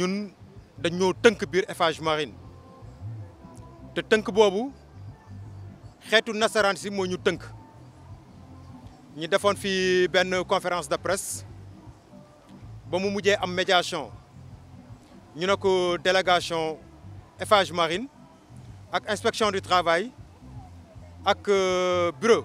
ñun dañoo tënk biir Eiffage Marine te tënk boobu xeetu nasaraan si moo ñu tënk ñu defoon fi benn conférence de presse ba mu mujjee am médiation ñu ne ko délégation Eiffage Marine ak inspection du travail ak euh, bureau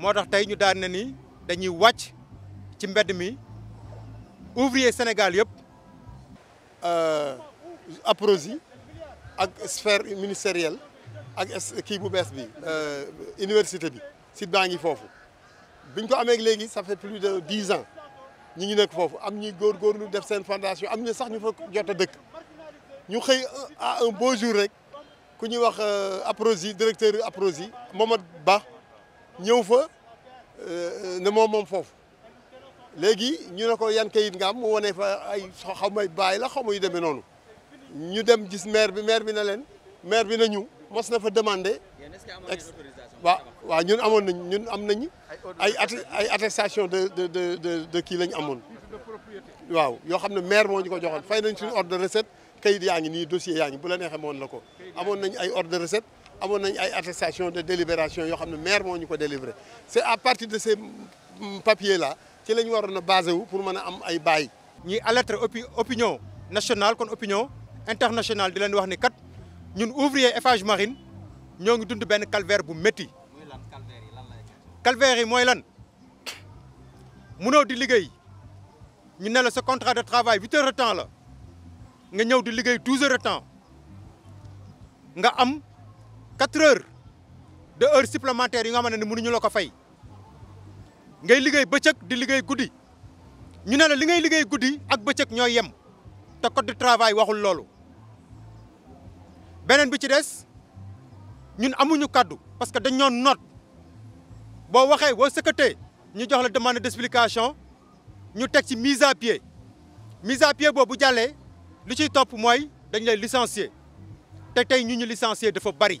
motax tay ñu daan na ni dañuy wacc ci mbedd mi ouvrier Sénégal euh APROSI ak sphère ministérielle ak ki bu bees bi euh université bi ci baangi fofu foofu biñ ko amee légui ça fait plus de 10 ans ñi ngi nekk foofu am ñi gor gor góorgóorlu def sen fondation am ñu sax ñu fa jot a dëkk ñu xey à un beau jour rek ku ñuy wax euh, APROSI directeur APROSI Momad Ba ñëw fa euh, ne moom moom foofu léegi ñu ne ko yan kayit nga am mu wane fa ay xaw may baay la xaw ma yu demee noonu ñu dem gis maire bi maire bi na leen maire bi na ñu mos na fa demandé. waaw waaw ñun amoon nañ ñun am nañu ay ay attestation de de de de kii lañ amoon waaw yoo xam ne maire moo ñu ko joxoon fay nañ suñu ordre de recette kayit yaa ngi nii dossier yaa ngi bu la neexee moon la ko amoon nañ ay ordre de recette y une une attestation de délibération Il y maire qui c'est à partir de ces mm, papiers là Que nous avons pour nous des ay Nous avons opinion nationale kon opinion internationale de leen wax ni Marine nous calvaire calvaire yi Nous avons di contrat de travail 8 heures de temps la heures de temps quatre heures de heure supplémentaire yi nga xam ne mënuñu la ko fay ngay liggéey bëccëg di liggéey guddi ñu ne la li ngay liggéey guddi ak bëccëg ñooy yem te code du travail waxul loolu beneen bi ci des ñun amuñu kàddu parce que dañ ñoo noot boo waxee boo sëkkatee ñu jox la demande d'explication ñu teg ci mise à pied mise à pied boobu jàllee li ciy topp mooy dañ lay licencier te tey ñu ñu licencier dafa bari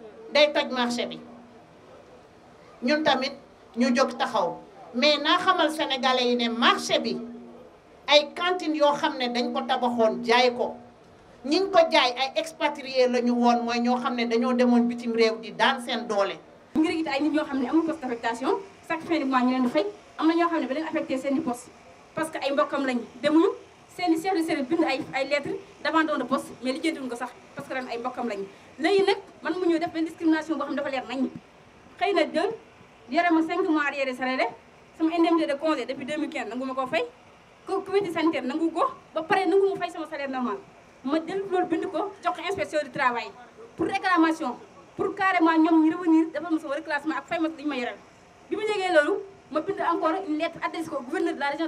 day taj marché bi ñun tamit ñu jóg taxaw mais naa xamal sénégalais yi ne marché bi ay cantines yoo xam ne dañ ko tabaxoon jaay ko ñi ngi ko jaay ay expatriés la ñu woon mooy ñoo xam ne dañoo demoon bitim réew di daan seen doole. ngir it ay nit ñoo xam ne amul poste d'affectation chaque fin de mois ñu leen di fay am na ñoo xam ne ba leen affecté seen i poste parce que ay mbokkam lañu demuñu seen i chef de service bind ay ay lettres d'abandon de poste mais lijjantiwuñu ko sax parce que ay mbokkam lañu léegi man mu ñëw def benn discrimination boo xam dafa leer nañ xëy na dën yore ma 5 mois arrière salaire sama indemnité de congé depuis 2015 nangu ma koo fay ko comité sanitaire nangu ko ba pare nangu ma fay sama salaire normal ma jël loolu bind ko jox ko inspection du travail pour réclamation pour carrément ñoom ñu revenir defal ma sama reclassement ak fay ma dañu ma yoreel bi ma jegee loolu ma bind encore une lettre adressée ko gouverneur de la région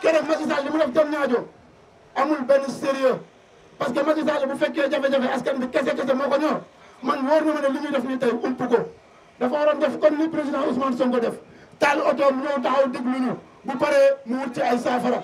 keroog ma Sall li mu def jam ñaajo amul benn sérieux parce que Macky Sall bu fekkee jafe-jafe askan bi kese kese moo ko ñor man wóor na ma ne ñuy def nii tey ump ko dafa waroon def comme ni président Ousmane Sonko def taal otoom ñëw taxaw déglu ñu bu paree mu wut ci ay saafara